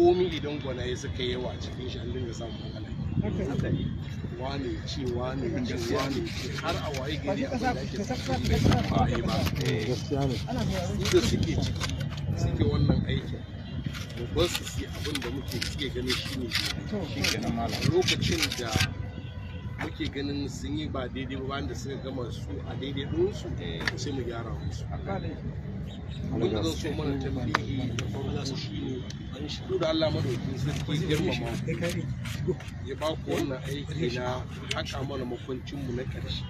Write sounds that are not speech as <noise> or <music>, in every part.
komi idan ya suka yi wa cikin shi an dinga samun matsala wane ci wane ci wane ci har a waye gari a da ake ba a yi ba eh. su da suke ciki suke wannan aikin babban ba su si abin da muke suke ganin shi ne shi lokacin da muke ganin sun yi ba daidai ba da suka gama su a daidai ɗinsu eh. sai mu gyara musu wanda zan so mana tambihi da shi ne an shigo da Allah madaukin sarki girmama ya ba ku wannan aiki na haka mana makwancinmu na ƙarshe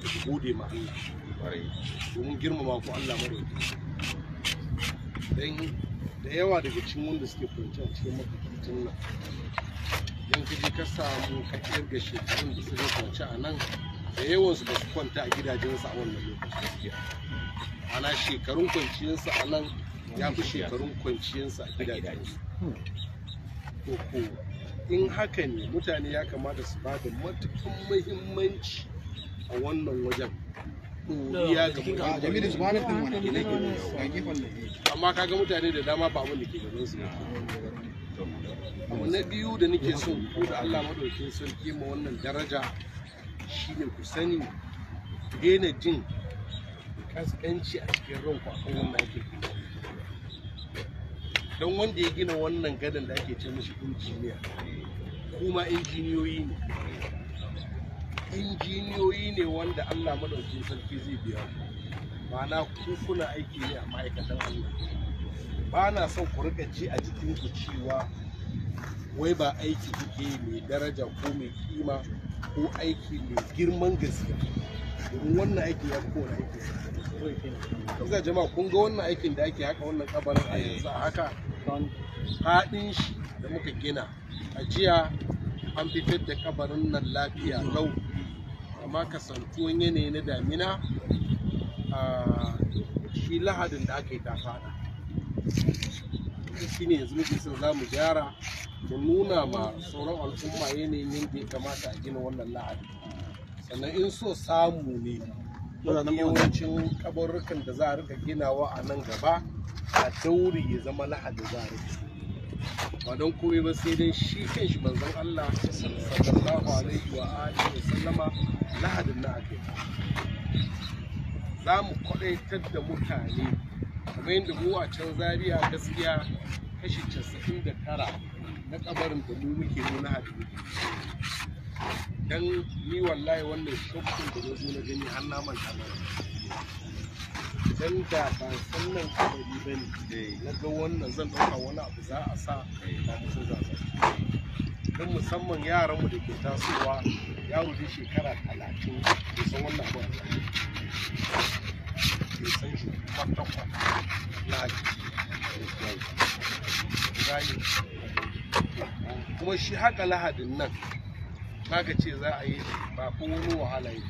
ku gode ma Allah domin girmama ku Allah madaukin da yawa daga cikin wanda suke kwanci a cikin makarantun nan yan kaje ka samu kakiyar ga shekarun da suke kwanci a nan da yawansu ba su kwanta a gidajensu a wannan lokacin ana shekarun kwanciyarsa a nan ya fi shekarun kwanciyarsa a gidajensu ko in haka ne mutane ya kamata su ba da matukan muhimmanci a wannan wajen ɗoriya ga amma kaga mutane da dama ba abin da ke gaban su abu na biyu da nake so ko da Allah madaukakin sarki ma wannan daraja shine ku sani daina jin kaskanci a cikin ranku akan wannan ake don wanda ya gina wannan gadon da ake ce mashi injiniya kuma injiniyoyi ne injiniyoyi ne wanda allah madaukin sarki zai biya ma'ana ku kuna aiki ne a ma'aikatan allah ba na son ku rika ji a jikin ku cewa wai ba aiki kuke mai daraja ko mai kima ko aiki mai girman gaske wannan aiki ya fi aiki ga jama'a kun ga wannan aikin da ake haka wannan kabarin a yanzu a haka haɗin shi da muka gina a jiya an fitar da kabarin nan lafiya lau amma kasantuwan yanayi na damina a shi lahadin da aka yi ta fada shi ne yanzu muke son za mu gyara mu nuna ma sauran al'umma yanayin yadda ya kamata a gina wannan lahadi sannan in so samu ne yawancin ƙabarrukan da za a rika ginawa a nan gaba a dauri ya zama lahadin za a rika ba don komai ba sai dai shi kan shi manzon Allah sallallahu alaihi wa alihi wa sallama lahadin na akai za mu kwadaitar da mutane kamar yadda mu a can zaria gaskiya kashi 99 na kabarin da mu muke nuna hadin dan ni wallahi wannan shakkin da na zo na gani har na manta na dan da ba san nan kabari ba ne eh. na ga wannan zan dauka wani abu za a sa eh. ba mu so za a sa Dan musamman yaranmu da ke tasowa ya da shekara 30 da san wannan ba a san shi kwata-kwata na kuma shi haka lahadin nan aka ce za a yi ba kun wani wahala yi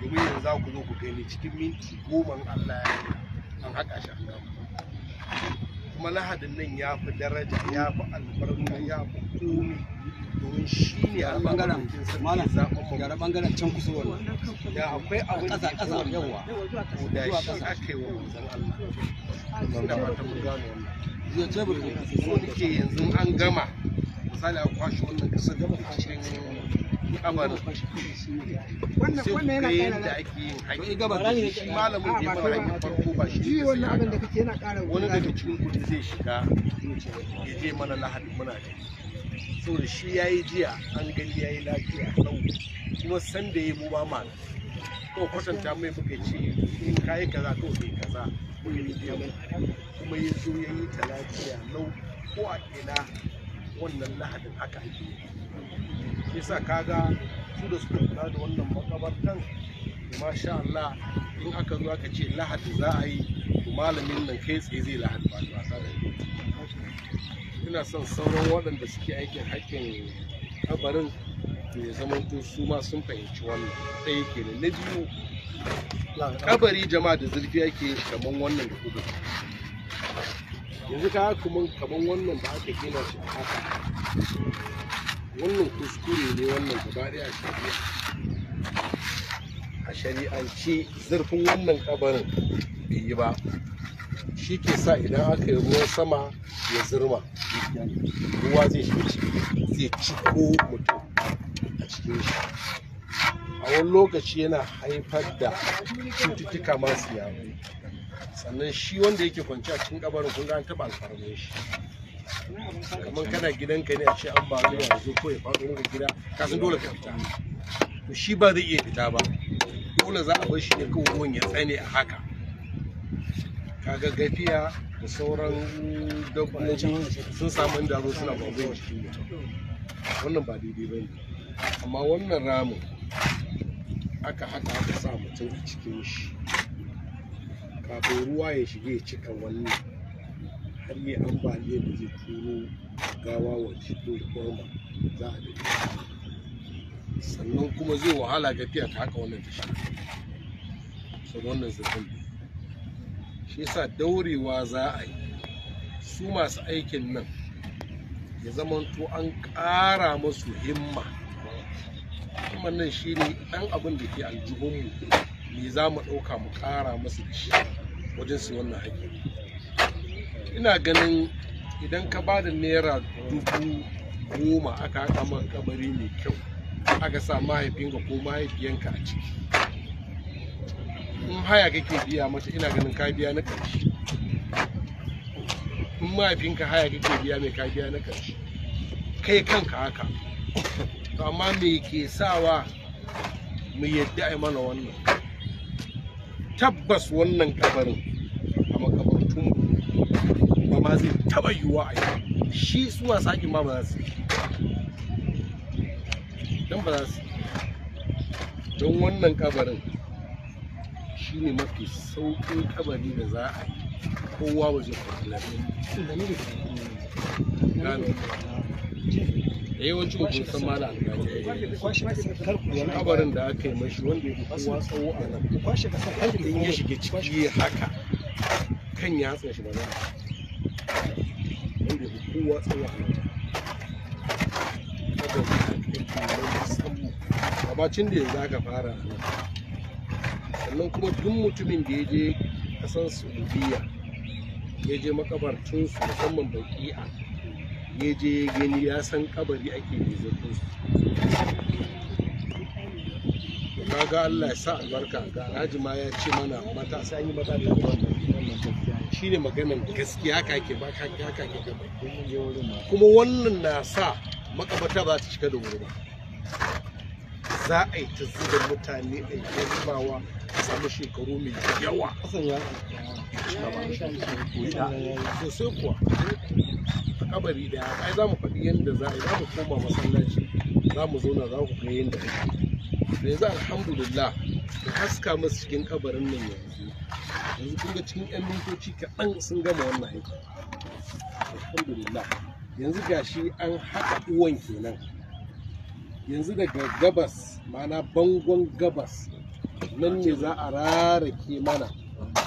domin yanzu za ku zo ku gani cikin minti goma Allah ya yi an haƙa shi an gama kuma lahadin nan ya fi daraja ya fi albarka ya fi komi domin shi ne a bangaren malam gyara bangaren can kusa wani da akwai abin da ke kuma yawa Ko da shi aka yi wa wanzan Allah da fatan mun gane wannan zai ce nake yanzu an gama misali a kwashe wannan kasar gaba cikin kamar wannan yana da ake yin haƙi gaba shi malamin da ya fara haƙi farko ba shi shi wannan abin da kake yana ƙara wani daga cikin ku zai shiga ya je mana lahadi muna da saboda shi ya yi jiya an gani yi lafiya lau kuma san da ya mu ba ma ko kwatanta mai muka ce in eh, ka yi kaza ko bai kaza kuma ya zo ya yi ta lafiya lau ko a ina wannan lahadin haka ake yi yasa kaga su da suka kula da wannan makabartan masha Allah in aka zo aka ce lahadi za a yi malamin nan kai tsaye zai lahadi ba ba da ina son sauran waɗanda suke aikin haƙƙin kabarin ya zama su ma sun fahimci wannan ɗaya kenan na biyu kabari jama'a da zurfi ake kamar wannan da kuka yanzu ka kuma kaman wannan ba aka gina shi a haka wannan kuskure ne wannan gaba a shari'a a shari'ance zurfin wannan kabarin bai yi ba shi ke sa idan aka yi ruwan sama ya zurma ruwa zai shi ciki zai ciko mutum a cikin shi a wani lokaci yana haifar da cututtuka masu yawa sannan shi wanda yake kwanci a cikin kabarin kun ga an taba alfarme shi kamar kana gidanka ne a ce an ba zuwa zo ko ya faɗo maka gida ka san dole ka fita to shi ba zai iya fita ba dole za a bar shi ne kawai ruwan ya tsane a haka kaga gafiya da sauran dabbobi sun samu inda zo suna babu cikin mutum wannan ba daidai ba ne amma wannan ramin aka haka aka sa mutum a cikin shi kafin ruwa ya shiga ya cika wannan har yi ambaliya da zai turo gawa wa cikin goma za a daɗe sannan kuma zai wahala ga fiya ta haka wannan tashi su wannan da shi sa daurewa za a yi su masu aikin nan ya zama to an ƙara masu himma himma nan ne ɗan abin da ke aljihunmu me za mu ɗauka mu ƙara masu da shi wajen su wannan haƙƙi ina ganin idan ka ba da naira dubu goma aka haƙa man kamari mai kyau aka sa mahaifinka ko mahaifiyanka a ciki in haya kake biya mata ina ganin ka biya na ƙarshe in mahaifinka haya kake biya mai ka biya na ƙarshe kai kanka haka to amma me ke sawa mu yadda a mana wannan tabbas wannan kabarin a makabartun ba ma zai taba yiwuwa a yi shi suwa sakin ma ba za su don ba za su don wannan kabarin shi ne mafi sauƙin kabari da za a yi kowa wajen kwanar da ne da eh, yawanci ba kun san mala alƙaji kabarin da aka yi mashi wanda ya kowa tsawo a nan in ya shiga ciki ya haka kan ya hatsa shi ba za wanda ya kowa tsawo a nan a gabacin da yanzu aka fara nan sannan kuma duk mutumin da ya je ƙasar saudiya ya je makabartunsu musamman baki'a Yaje je ya gani ya san kabari ake zurfin su kaga Allah ya sa albarka ga alhaji ma ya ce mana matasa an yi mata da wannan shi ne maganan gaskiya haka ke ba haka ke ba. kuma wannan na sa makabata ba ta shiga da wuri ba za a yi ta zuba mutane a girmawa a samu shekaru mai yawa sai kuwa kabari daya ai za mu faɗi yadda za a yi za mu koma masallaci za mu zauna za ku ga yadda ake da yanzu alhamdulillah da haska masu cikin kabarin nan yanzu yanzu kun ga cikin yan mintoci kaɗan sun gama wannan aiki alhamdulillah yanzu gashi an haɗa uwan kenan yanzu daga gabas ma'ana bangon gabas nan ne za a rarake mana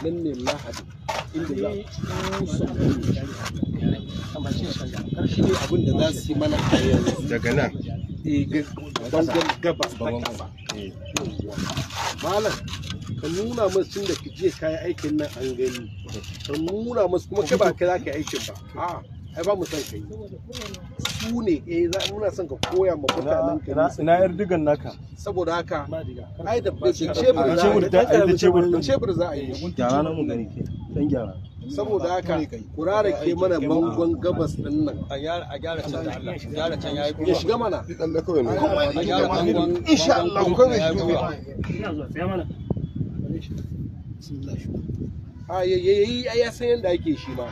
nan ne lahadi inda za a shi ne abin da za su yi mana a yanzu daga nan bangon eh, gaba malam ka nuna masu tun da je kayan aikin nan an gani ka nuna masu kuma ka ba ka za ka yi aikin ba a ai ba mu son ka yi su ne eh za son ka koya ma mutanen ka ina yar digan naka saboda haka ai da a yi cebur saboda haka kurara ke mana bangon gabas din nan a gyara can da Allah gyara can yayi kuma ya shiga mana Allah kawai ne a gyara bangon insha Allah kuma mana bismillah a ya san yanda ake shi ma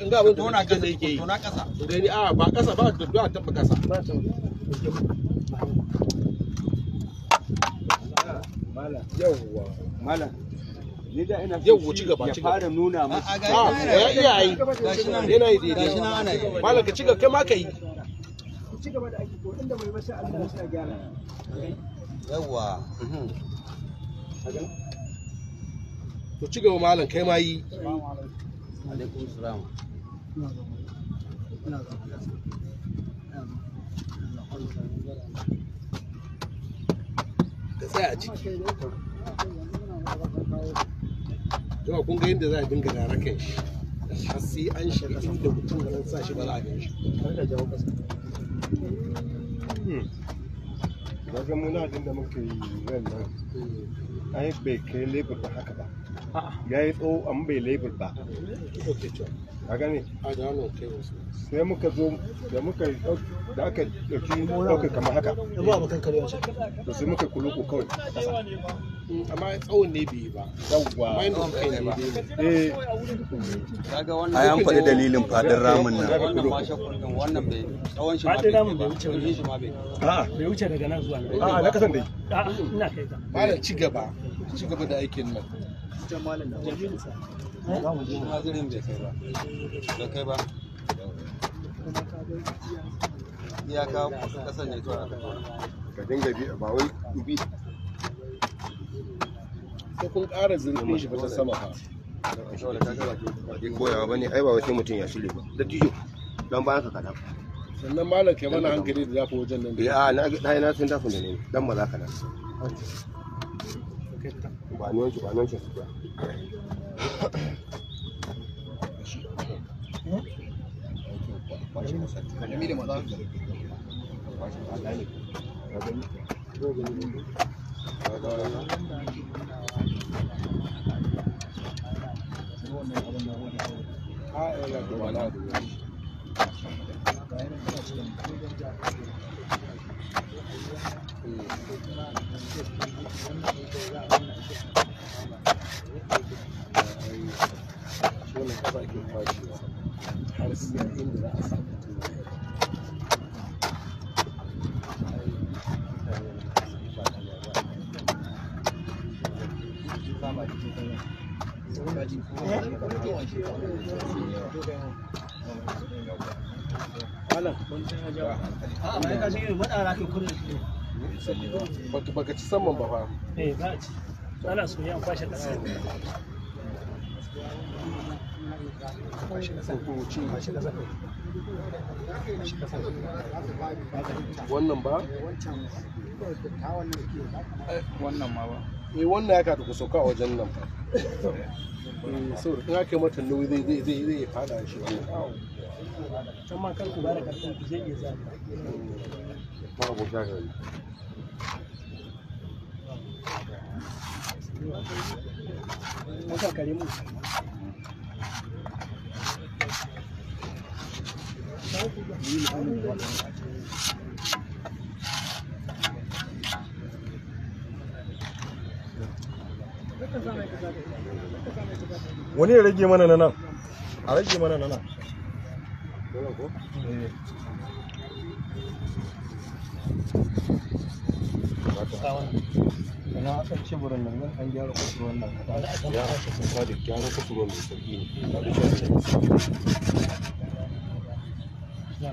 in ga abin da kasa yake yi tona kasa gani a ba kasa ba da duwa tafi kasa mala ci gaba ci gaba nuna masa a iya yi gashi nan yana yi daidai gashi nan ana yi mala ka ci gaba kai ma ka yi ci gaba da inda mai Allah ya sa gyara mhm. to ci gaba malam kai ma yi alaikum salam ka tsaya a ciki yawa kun ga yadda za a dinga rara kai shi har sai an shiga inda mutum da nan sa shi ba za a gan shi daga hmm. muna da muke yi nan nan ai bai kai lebur ba haka ba ya yi tsawo amma bai lebur ba a gane sai muka zo da muka da aka ɗauki ɗaukar kamar haka da sai muka kuluku kawai mm, amma tsawon ne bai ba yawwa a yan eh. faɗi dalilin faɗin ramin nan wannan bai tsawon shi ma bai ramin bai wuce wani shi ma bai bai wuce daga nan zuwa a'a na kasan dai a'a ina kai ta eh. ba da ci gaba ci gaba da aikin nan da eh? kai ba kasar ne ka dinga bi ba wai bi sai kun ƙara shi ta sama ba ne ai ba mutum ya shirya ba da tijo don ka sannan malam ke mana hankali da zafi wajen nan da ya na na sun dafa ne dan ba za ka nan ba ni wanki ba ni wanki suka Thank you. wannan kasa ake kwashewa har sai inda za a samu Thank you. Ah, baka ci saman ba fa ba eh, wannan ba wannan ma ba eh wannan ya kata ku sauka a wajen nan eh, saboda in aka mata nauyi zai zai zai fada shi can ma Wani ya rage mana na nan, a rage mana na nan. Bravo. Evet. Ina ƙarshen wurin nan an gyara Ya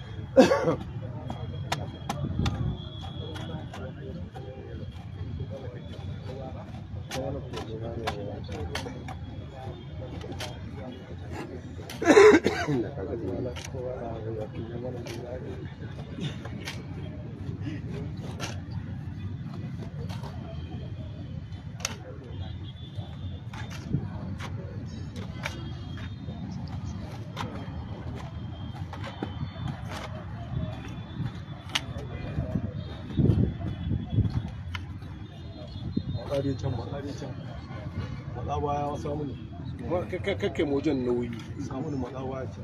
kakkai wajen nauyi samun matsawa ce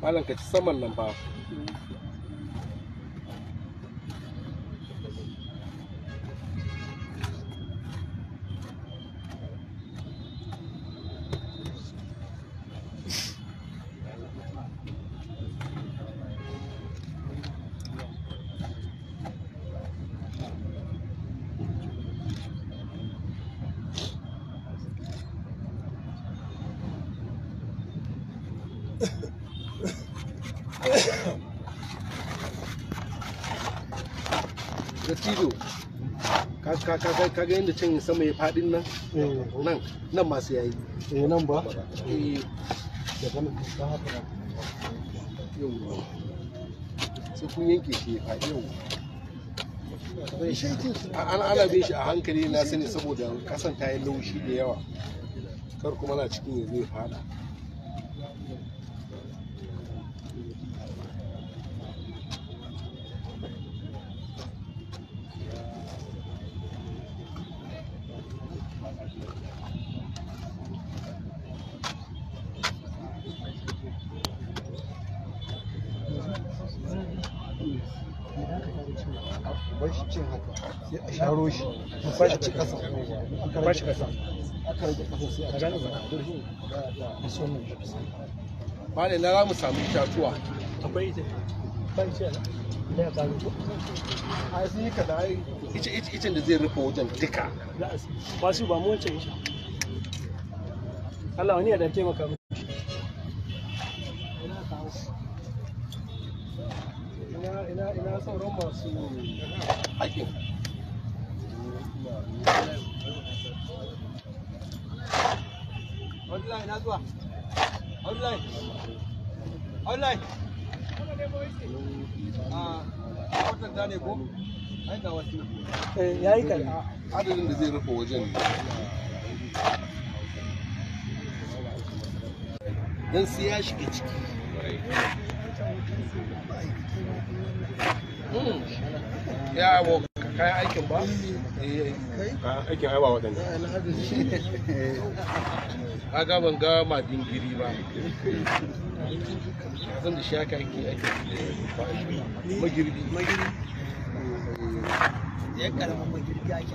malam ka ci saman nan ba Ka ga yadda can sama ya faɗin nan eh. nan nan masu yayi eh nan ba eh haka yau kun yanke shi ya an alabe shi a hankali na sani saboda kasan ta yi laushi da yawa kar kuma na cikin ya zai fada sharo shi mu fashi ci kasa mu fashi kasa aka rage kasa sai a gane ba a so mu ba ne na za mu samu itatuwa akwai ita ban ce da ya karu a sun yi da ai ita ita ita da zai rufe wajen duka ba su ba mu wancan shi Allah wani ya dan taimaka mu ina ina ina sauran masu zuwa da adadin da zai rufe wajen dan sai ya shiga ciki kayan aikin ba kayan aikin ai ba A kaga ban ga ma dingiri ba zan da shaka aiki magirbi magirbi ya karama magirbi ake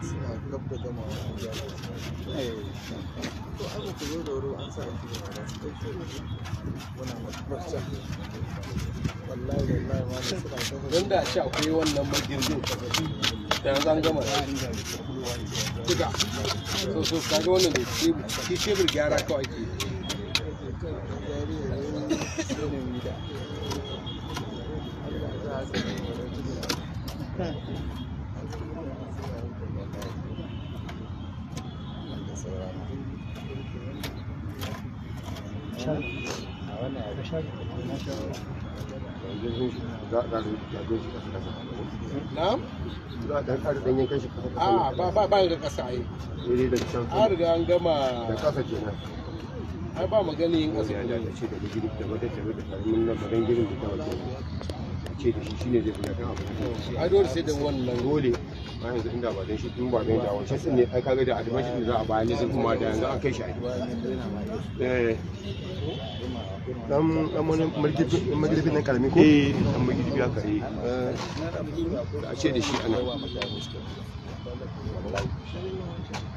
suna gab a cikin don da akwai wannan magirgin da yanzu an gama so so kaga wannan da shi shebur gyara kawai ke Thank you. na'am ah, ba ba ba da ƙasa ai iri da can an da ba wannan dole amma yanzu inda ba dan shi in ba da wancan ne ai kaga da albashin da za a bayar ne sun kuma da yanzu an kai shi eh dan dan wani margidin margidin ko eh dan ya kare a ce da shi ana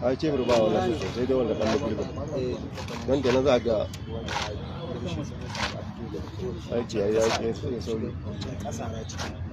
a ce ba wala sosai da na za ga ce ya ya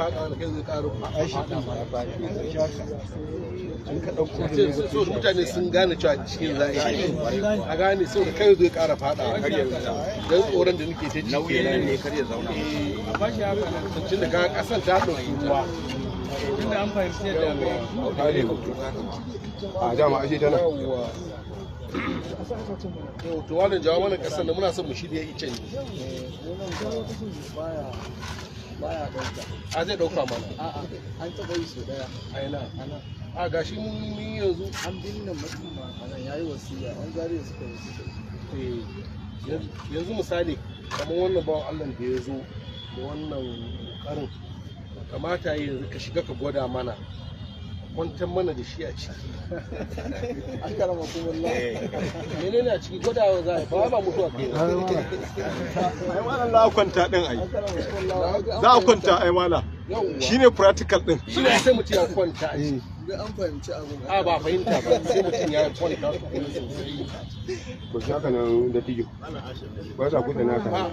faɗa da kai zai kuma a shi an ka ɗauko so mutane sun gane cewa cikin za a yi a gane so da kai zai ƙara faɗa don tsoron da nake ta ciki ne kar ya eh, tun da ka ƙasar ta ɗauki ruwa tun da an fahimci yadda a ashe tana yau to wannan jawo mana da muna son mu shirya ice eh, ne baya dauka a zai ɗauka mana a'a an taba yi so a ina a mun yi yanzu an binne mutum ma anan yayi wasiya an zari suka yi eh, yanzu misali kamar wannan bawan Allah da ya zo da wannan karin kamata yanzu ka shiga ka gwada mana kwantar mana da shi a ciki <laughs> an karama kuma eh. mene ne a ciki ba za a ba ba mutuwa ke ai malam za a kwanta din ai za a kwanta ai malam shine practical din shi ne sai mutum ya kwanta shi eh. an fahimci abin a ba fahimta ba sai mutum ya kwanta ko shi haka nan da tijo ba sa kuɗa na ka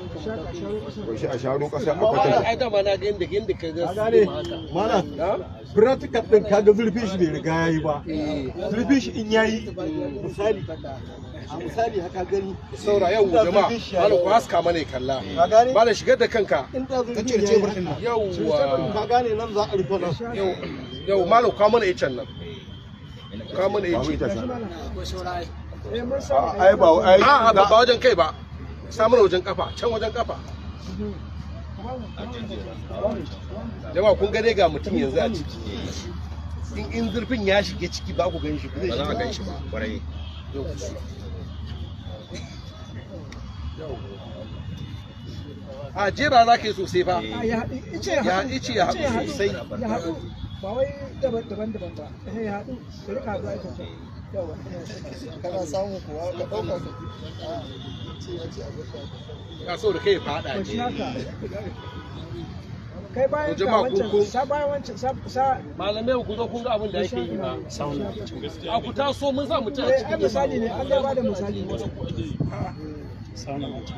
ko shi a sharo ƙasa a kwata ai da ma na ga inda inda ka ga mana practical din ka ga zurfin shi bai riga yayi ba eh. zurfin shi in yayi misali misali haka gani saura yau jama'a ku haska mana kalla malam shigar da kanka ta circe nan yauwa ka gane nan za a rufe nan yau yau ka mana nan ka mana eh, ah, ai ba ai ah, ba wajen kai ba samun wajen kafa can wajen kafa jama'a kun gane ga mutum yanzu a ciki in zurfin ya shige ciki ba ku gan shi ba zai shi ba kwarai a jera za ka yi sosai ba ya ice ya haɗu sosai ya haɗu ba wai daban-daban ba eh, ya haɗu da rika haɗu ake sosai kana samu kuwa ka ɗauka ka ya so da kai faɗa ne kai bayan ka wancan sa bayan wancan sa sa malamai ku zo kun ga abin da yake yi ba sauna a ku taso mun sa mutum a eh, cikin misali ne an ga ba da misali ne sauna na ba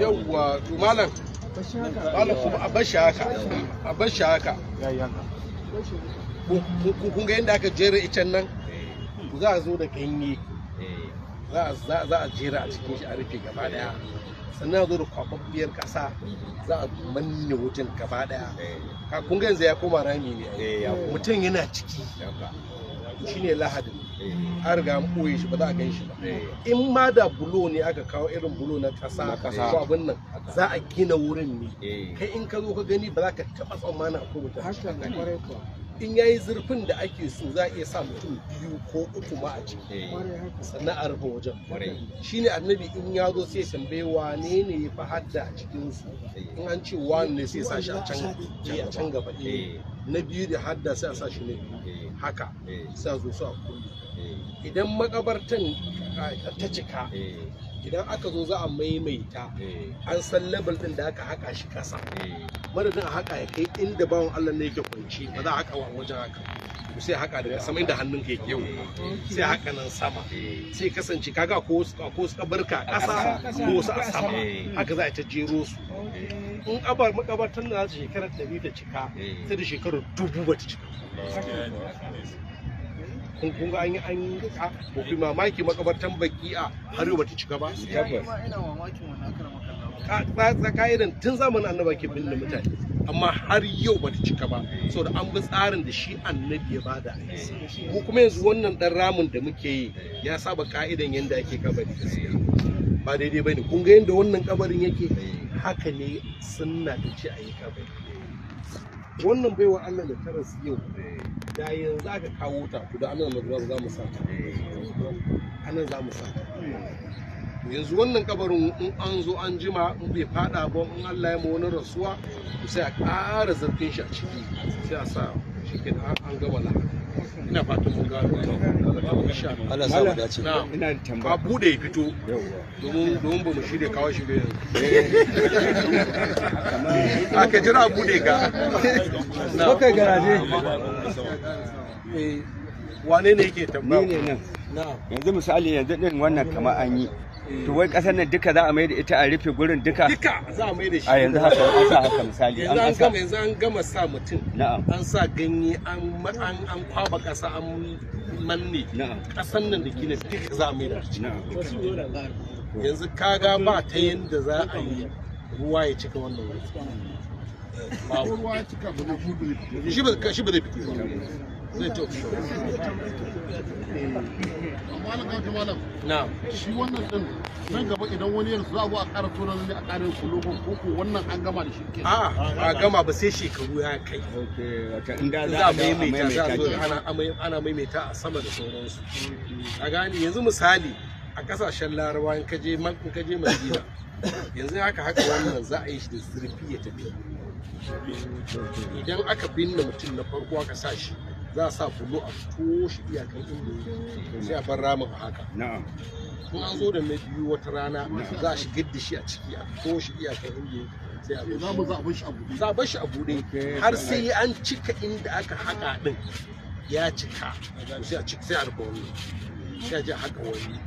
yawwa to malam malam kuma a haka a haka kun ga yadda aka jera icen nan za a zo da ganye za a jera a cikin shi a rufe gaba daya sannan a zo da kwakwabbiyar kasa za a manne wajen gaba daya ka kun ga yanzu ya koma rami ne eh, mutum yana ciki shi ne lahadin eh. an riga an koye shi ba za a gan shi ba eh. in ma da bulo ne aka kawo irin bulo na ƙasa ko abin nan za a gina wurin ne kai in ka zo ka gani ba za ka taɓa tsammanin akwai mutum in ya yi zurfin da ake so za a iya sa mutum biyu ko uku ma a ciki eh. sannan a rufe wajen shi ne annabi in ya zo sai tambaye wane ne ya fi hadda a cikinsu eh. in an ce wani ne sai sa shi a can gaba eh. na biyu da hadda sai a sa shi ne haka sai a zo su a kulle idan makabartan ah, ta cika idan aka zo za a maimaita eh. an san level din da aka haka shi kasa eh. madadin a haka ya kai inda bawan Allah ne yake kunci ba za a haka wajen haka sai haka da sama inda hannun ka yake yau sai haka nan sama eh. sai kasance kaga ko ko kabarka kasa ko su a sama haka za a ta jero su in abar makabartar na shekarar 100 ta cika sai da shekarar dubu ba ta cika kun ga an yi an yi a mamaki makabartan baki a har yau bata cika ba tabbas ina mamakin wannan karama irin tun zamanin annaba ke binne mutane amma har yau bata cika ba saboda an bi tsarin da shi annabi ya bada ko kuma yanzu wannan dan ramin da muke yi ya saba ka'idan yanda ake kabari gaskiya ba daidai bane kun ga yanda wannan kabarin yake haka ne sunna ta ce a yi kabari wannan baiwa Allah da taras yau da yanzu aka kawo ta to da anan za mu sa ta anan za mu sa yanzu wannan kabarin in an zo an jima in bai fada ba in Allah ya wani rasuwa sai a ƙara zarfin shi a ciki sai a sa shi an gama lahadi ina fatan mun ga Allah sa mu ina tambaya bude ya fito domin domin ba mu shirye kawo shi yanzu eh. <laughs> bude ga garaje eh, wane ne yake tambaya ne nan yanzu misali yanzu din wannan kama an yi to wai kasar nan duka za a mai da ita a rufe gurin duka duka za a mai da shi a yanzu haka an sa haka misali an an gama yanzu an gama sa mutum na'am an sa ganye an an an kwaba kasa an manne na'am kasar nan da kina duka za a mai da shi na'am yanzu kaga ba ta yanda za a yi ruwa ya cika wannan wuri ba ruwa ya cika ba ne shi ba shi ba zai fito zai to malam malam na shi wannan din nan gaba idan wani yanzu za a zo a ƙara ne a ƙarin koko wannan an gama da shi a a gama ba sai shekaru ya kai za a maimaita za a zo ana maimaita a sama da sauransu a gani yanzu misali a kasashen larabawa in ka je ka madina yanzu haka haka wannan za a yi shi da zurfi ya tafi idan aka binne mutum na farko aka sa shi za a sa kullu a toshe iyakan inda sai a bar ramin a haka na'am an zo da na biyu wata rana za a shigar da shi a ciki a toshe iyakan inda sai a za mu za a bar shi a buɗe za bar shi a har sai an cika inda aka haka din ya cika sai a cika sai a rufe wani sai a je a haka wani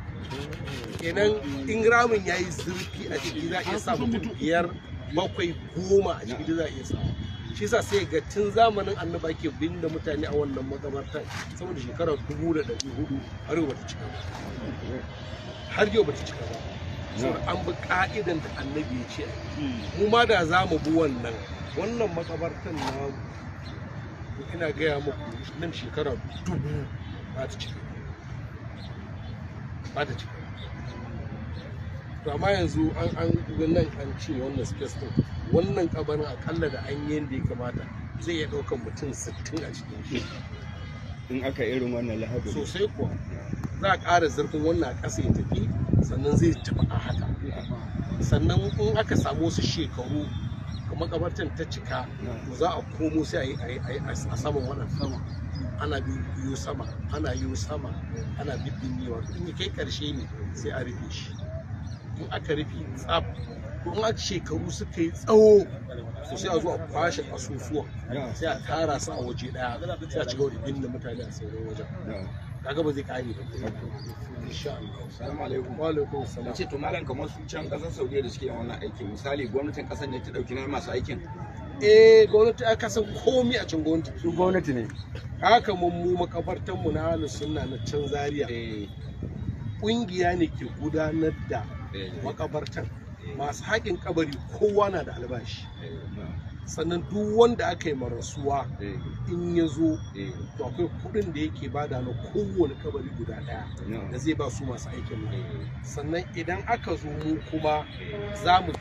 kenan in ramin ya yi zurfi a ciki za a iya sa mutum biyar bakwai goma a ciki za a iya sa shi sa sai ga tun zamanin annaba ke binne mutane a wannan makabarta saboda shekarar dubu da ɗari hudu har yau bata cika ba har yau bata cika ba saboda an bi ka'idan da annabi ya ce hmm. mu ma da za mu bi wannan wannan makabartan na ina gaya muku nan shekara dubu ba ta cika ba ta cika to amma yanzu an an nan an ce wannan space wannan kabarin akalla da an yi yadda ya kamata zai iya ɗaukar mutum 60 a cikin shi in aka irin wannan lahabari sosai kuwa za a ƙara zurfin wannan a ƙasa ya tafi sannan zai tafi a haka sannan in aka samu wasu shekaru makabartan ta cika to za a komo sai a yi a saman wannan sama ana biyo sama ana yiwu sama ana bibbin yiwa in kai karshe ne sai a rufe shi in aka rufe tsaf in a shekaru suka yi tsawo to sai a zo a kwashe asusuwa sai a tara su a waje daya sai a ci gaba da binne mutane a sauran wajen kaga ba zai kare ba insha Allah assalamu alaikum wa alaikum assalam ce to malam kamar su can kasar Saudiya da suke yin wannan aiki misali gwamnatin kasar ne ta dauki nauyin masu aikin eh gwamnati a kasan komi a can gwamnati su gwamnati ne haka mun mu makabartan mu na ahlus sunna na can zaria eh kungiya ne ke gudanar da eh. makabartan masu haƙin kabari kowa na da albashi eh, sannan duk wanda aka yi marasuwa eh. in ya zo eh. to akwai kuɗin da yake bada na kowane kabari guda daya da zai ba su masu aikin nan sannan idan aka zo mu kuma za mu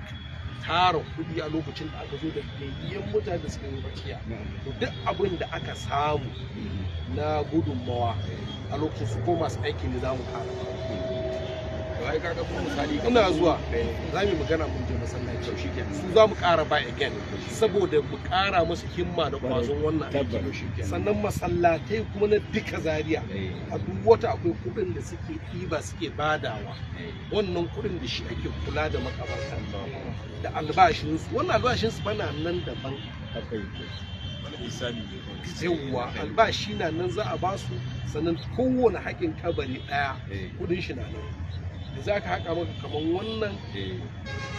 tara kuɗi a lokacin da aka zo da gayyen mutane da suka yi bakiya to duk abin da aka samu mm. na gudunmawa a lokacin su ko masu aikin da za mu kara ai misali ina zuwa eh, za mu magana mun je masallaci shi kenan su za mu ƙara ba again saboda mu ƙara musu himma da kwazon wannan aiki sannan masallatai kuma na duka zaria eh. a duk wata akwai kuɗin da suke ɗiba suke badawa eh. wannan kuɗin da shi ake kula da makabartan da albashinsu wannan albashinsu bana nan daban yawwa albashi na nan za a basu sannan kowane haƙin kabari ɗaya kudin shi na nan za ka haƙa maka kamar wannan eh.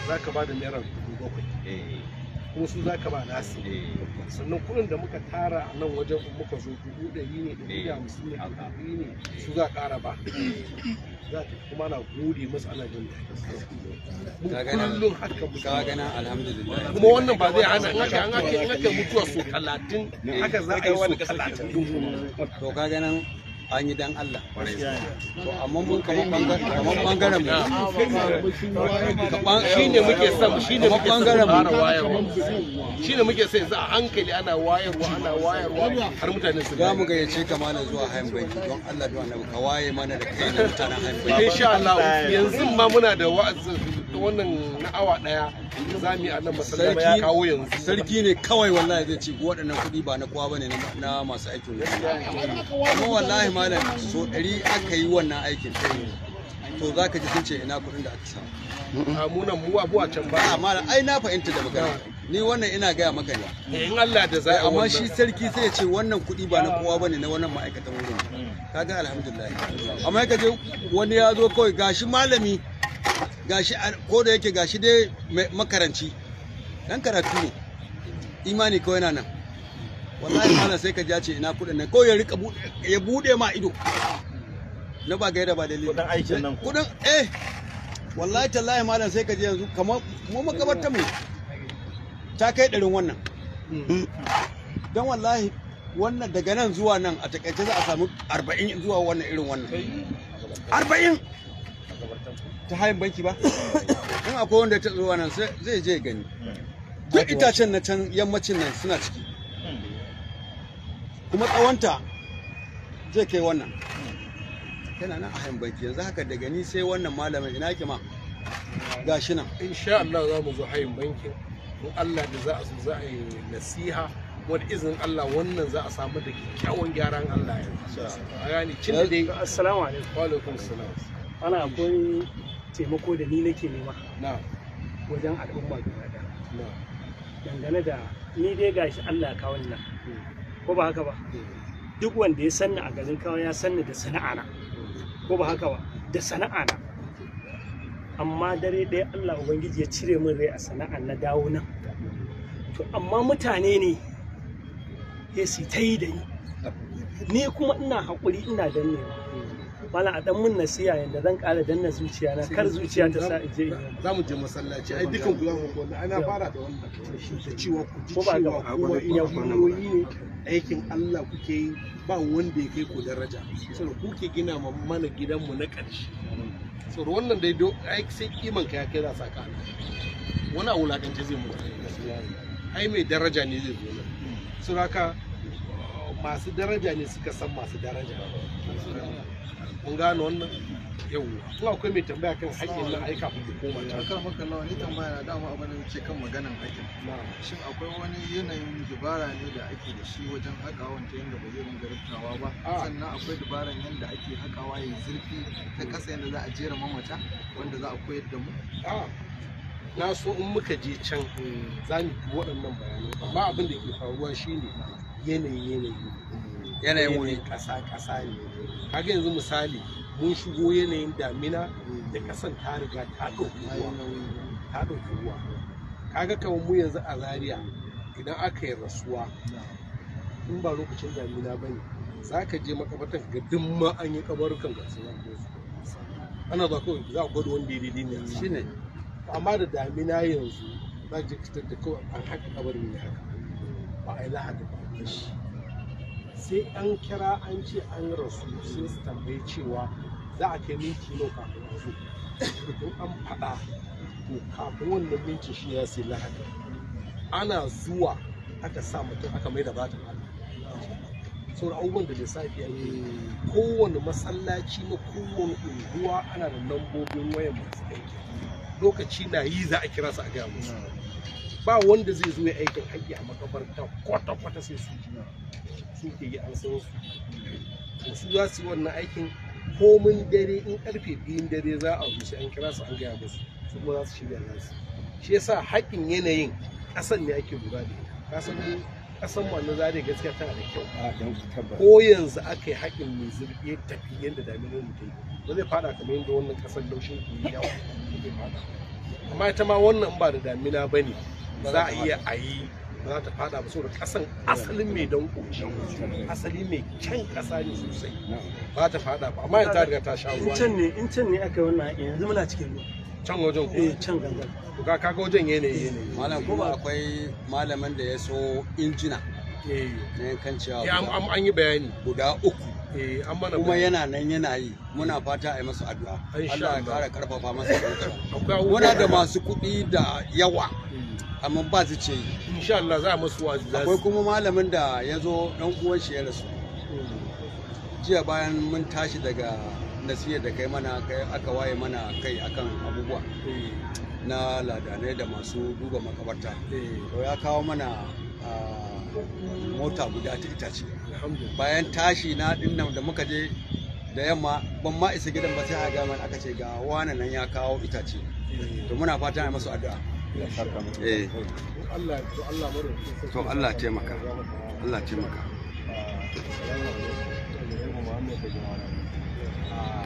za ka ba da naira dubu bakwai eh. kuma su za ka ba nasu eh. sannan kuɗin da muka tara a nan wajen muka zo dubu ɗari ne dubu da hamsin ne dubu ne su za ƙara ba <coughs> za ka kuma na gode masu ana jin daɗi kullum haka kuma wannan ba zai hana in aka mutuwa so talatin haka za a yi so talatin to ka ganin an yi dan Allah to amma mun kama bangaren mu shine muke son shine muke bangaren mu shine muke son yanzu a hankali ana wayarwa ana wayarwa har mutane su ga mu gayyace ka mana zuwa hayan banki don Allah don annabi ka waye mana da kai mutanen hayan banki insha Allah yanzu ma muna da wa'azi wannan na awa daya za mu yi a nan masallaci ya kawo yanzu sarki ne kawai wallahi zai ce waɗannan kuɗi ba na kowa bane na masu aikin amma wallahi malam so ɗari aka yi wannan aikin to za ka ji sun ce ina kuɗin da aka samu a munan mu abuwa can ba a malam ai na fahimta da magana ni wannan ina gaya maka ne eh, in Allah da za amma shi sarki sai ya ce wannan kuɗi ba na kowa bane na wannan ma'aikatan wurin kaga alhamdulillah amma ka je wani ya zo kawai gashi malami gashi ko da yake gashi dai makaranci dan karatu ne imani kawai na nan wallahi mana sai ka jace ina kudin nan ko ya rika ya bude ma ido na ba gaida ba dalili kudin aikin nan kudin eh wallahi tallahi malam sai ka je yanzu kamar mu makabarta mu ta kai ɗarin wannan don wallahi wannan daga nan zuwa nan a takaice za a samu 40 zuwa wannan irin wannan 40 ta hayan banki ba in akwai wanda ta zuwa nan zai je gani duk itacen na can yammacin nan suna ciki kuma tsawonta zai kai wannan yana nan a hayan banki yanzu haka daga ni sai wannan malamin ina ki ma ga shi nan insha Allah za mu zo hayan bankin in Allah da za a zo za a yi nasiha wani izin Allah wannan za a samu da kyakkyawan gyaran Allah yanzu a gane cin da dai assalamu alaikum wa alaikum assalam ana akwai taimako da ni nake nema wajen al'umma gaba da dangane da ni dai gashi Allah kawo nan hmm. ko ba haka ba hmm. duk wanda ya sanni a garin kawo ya sanni da sana'a na hmm. ko ba haka ba da sana'a na amma dare ɗaya Allah ubangiji ya cire min rai a sana'a na dawo nan to amma mutane ne ya su ta yi da ni ni kuma ina haƙuri ina dannewa malam a dan mun nasiya yanda zan ƙara danna zuciya na kar zuciya ta sa in je za mu je masallaci ai dukan ku za ku wanda ana fara da wannan da cewa ku ji cewa kowa iya hanyoyi ne aikin Allah kuke yi ba wanda ya kai ku daraja saboda kuke gina mana gidan mu na ƙarshe saboda wannan dai aiki sai kiman ka ya kai za saka wani a wulakance zai mutu ai mai daraja ne zai zo nan saboda masu daraja ne suka san masu daraja kun gano wannan yau to akwai mai tambaya kan haƙƙin nan aika ku koma ta kar maka nawa ni tambaya na dama abin da yake kan maganan haƙƙin shin akwai wani yanayin dubara ne da ake da shi wajen haƙa? ta yanda ba zai ringa rubtawa ba ah. sannan akwai dubaran yanda ake haƙawa ya zurfi ta ƙasa yanda za a jera mamata wanda za a koyar da mu ah. na so in muka je can eh, za mu yi waɗannan bayanai amma abin da ke faruwa shine Mm. yanayin wuri ƙasa ne kaga yanzu misali mun shigo yanayin damina mm. da ƙasan ta riga ta ɗauki ruwa ta ɗauki ruwa kaga kamar mu yanzu a zaria idan aka yi rasuwa mm. in ba lokacin damina ba ne za ka je makabartar ga duk ma an yi kabarukan ga su ana za ka za a gwada wanda ya daidai ne shi ne amma da damina yanzu za ka je ka da kawai an haka kabarin ne haka ba a yi lahadi ba sai an kira an ce an rasu sai su tambayi cewa za a kai minti nau kafin a zo don an faɗa to kafin wannan minti shi ya sai lahadi ana zuwa aka sa mutum aka mai da batin sauran abubuwan da lissafi ne kowane masallaci na kowane unguwa ana da lambobin wayan masu aiki lokaci na yi za a kira su a gaya musu ba wanda zai zo ya aikin haƙƙi a makabarta kwata-kwata sai su su ke yi an san su su za su yi wannan aikin komin dare in karfe biyun dare za a rushe an kira su an gaya musu su kuma za su shirya su shi yasa haƙƙin yanayin ƙasan ne ake lura da ita kasan kasan wannan zare gaskiya tana da kyau ah, ko yanzu aka yi haƙƙin mai zurfi tafi yadda daminar mutum ba zai fada kamar yadda wannan ƙasar laushin ke yawa amma ita ma wannan ba da damina ba ne za a iya a yi ba za ta fada ba saboda kasan asalin mai kuci asali mai kyan kasa ne sosai ba ta fada ba amma ta riga ta sha ruwa can ne in can ne aka wannan yanzu muna cikin ruwa can wajen ko eh can gangan to ka kaga wajen yene, yene. malam ko ba akwai malamin da ya so injina eh ne kan cewa an yi bayani guda uku eh, kuma yana nan yana yi muna fata a yi masa addu'a Allah ya kara karfafa masa muna da masu kuɗi da yawa eh. amma ba su ce yi insha Allah za a masu wazi akwai kuma malamin da ya zo dan uwan shi ya rasu jiya bayan mun tashi daga nasiyar da kai mana kai aka waye mana kai akan abubuwa na ladanai da masu duba makabarta eh. to ya kawo mana mota guda ta itace bayan tashi na dinnan da muka je da yamma ban ma isa gidan ba sai a gama aka ce ga wani nan ya kawo itace eh. to muna fatan a masu addu'a Eh. to Allah taimaka Allah taimaka ah,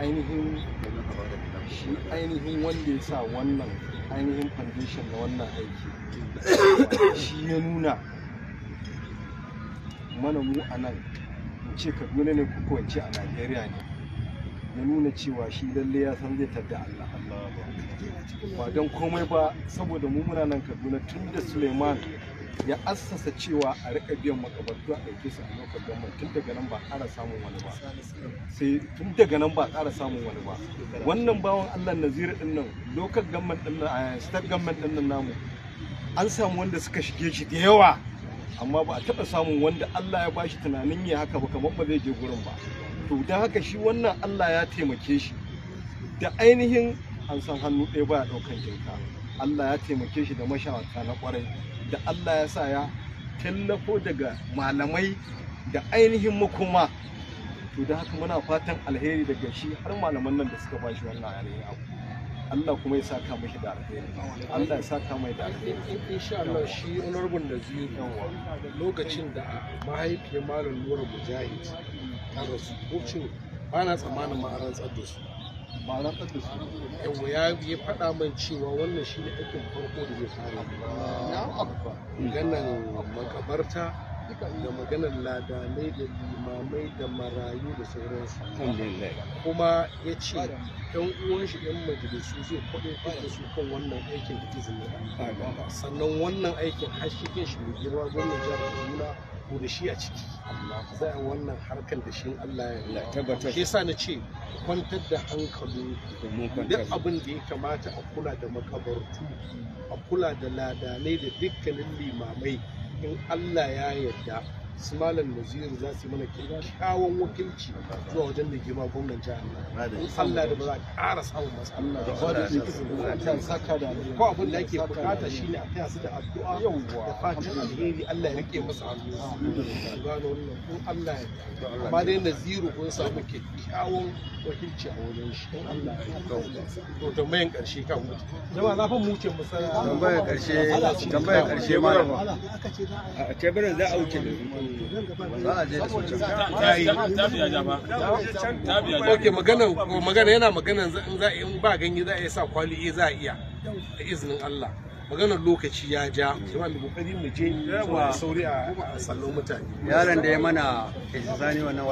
ainihin shi ainihin wanda ya sa wannan ainihin foundation na wannan aiki shi ya nuna mana mu a nan ce kaduna ne ko a najeriya ne ya nuna cewa shi lalle ya san zai tadda Allah ba don komai ba saboda mu muna nan Kaduna tun da Suleiman ya assasa cewa a rika biyan makabartu a ɗauke su a lokacin gwamnati tun daga nan ba ƙara samun wani ba sai tun daga nan ba ƙara samun wani ba wannan bawan Allah Naziru din nan lokacin government din nan eh, state government din nan namu an samu wanda suka shige shi da yawa amma ba a taɓa samun wanda Allah ya bashi tunanin ya haka ba kamar ba zai je gurin ba to da haka shi wannan Allah ya taimake shi da ainihin an san hannu ɗaya baya ɗaukan jinka Allah ya taimake shi da mashawarta na ƙwarai da Allah ya sa ya tallafo daga malamai da ainihin makoma to da haka muna fatan alheri daga shi har malaman nan da suka ba shi wannan ainihin Allah kuma ya saka mashi da alheri Allah ya saka mai da alheri insha Allah shi da Naziru lokacin da mahaifiyar malam Nura Mujahid an ko cin ba na tsammanin ma an rantsar da su ba rantsar da su ya ya faɗa man cewa wannan shi ne aikin farko da zai fara maganar makabarta da maganar ladanai da limamai da marayu da sauransu kuma ya ce yan uwan shi yan majalisu zai kwaɗe da su kan wannan aikin da izinin sannan wannan aikin hashikin shi mai girma gwamnan jihar kaduna ko da shi a ciki za a wannan harkar da shi Allah ya tabbatar shi yasa na ce kwantar da hankali duk abin da ya kamata a kula da makabartu a kula da ladanai da dukkanin limamai in Allah ya yarda su malam naziru za su yi mana kyakkyawan wakilci zuwa wajen da girma gwamnan jihar Allah da ba za a ƙara samun matsala ko abin da ake bukata shi ne a taya su da addu'a da fatan alheri Allah ya rike masa hannu gano wannan ko Allah ya amma dai naziru kun samu kyakkyawan wakilci a wajen shi Allah ya to tambayan ƙarshe kan mutu jama'a na fa mu ce tambayan ƙarshe tambayan ƙarshe ma a ce teburin za a wuce da ok magana magana yana magana in za in ba ganye za a sa kwali eh, za a iya da izinin Allah maganar lokaci ya ja kuma mu kokari mu je mu sauri a sallon mutane yaron da ya mana ihsani wannan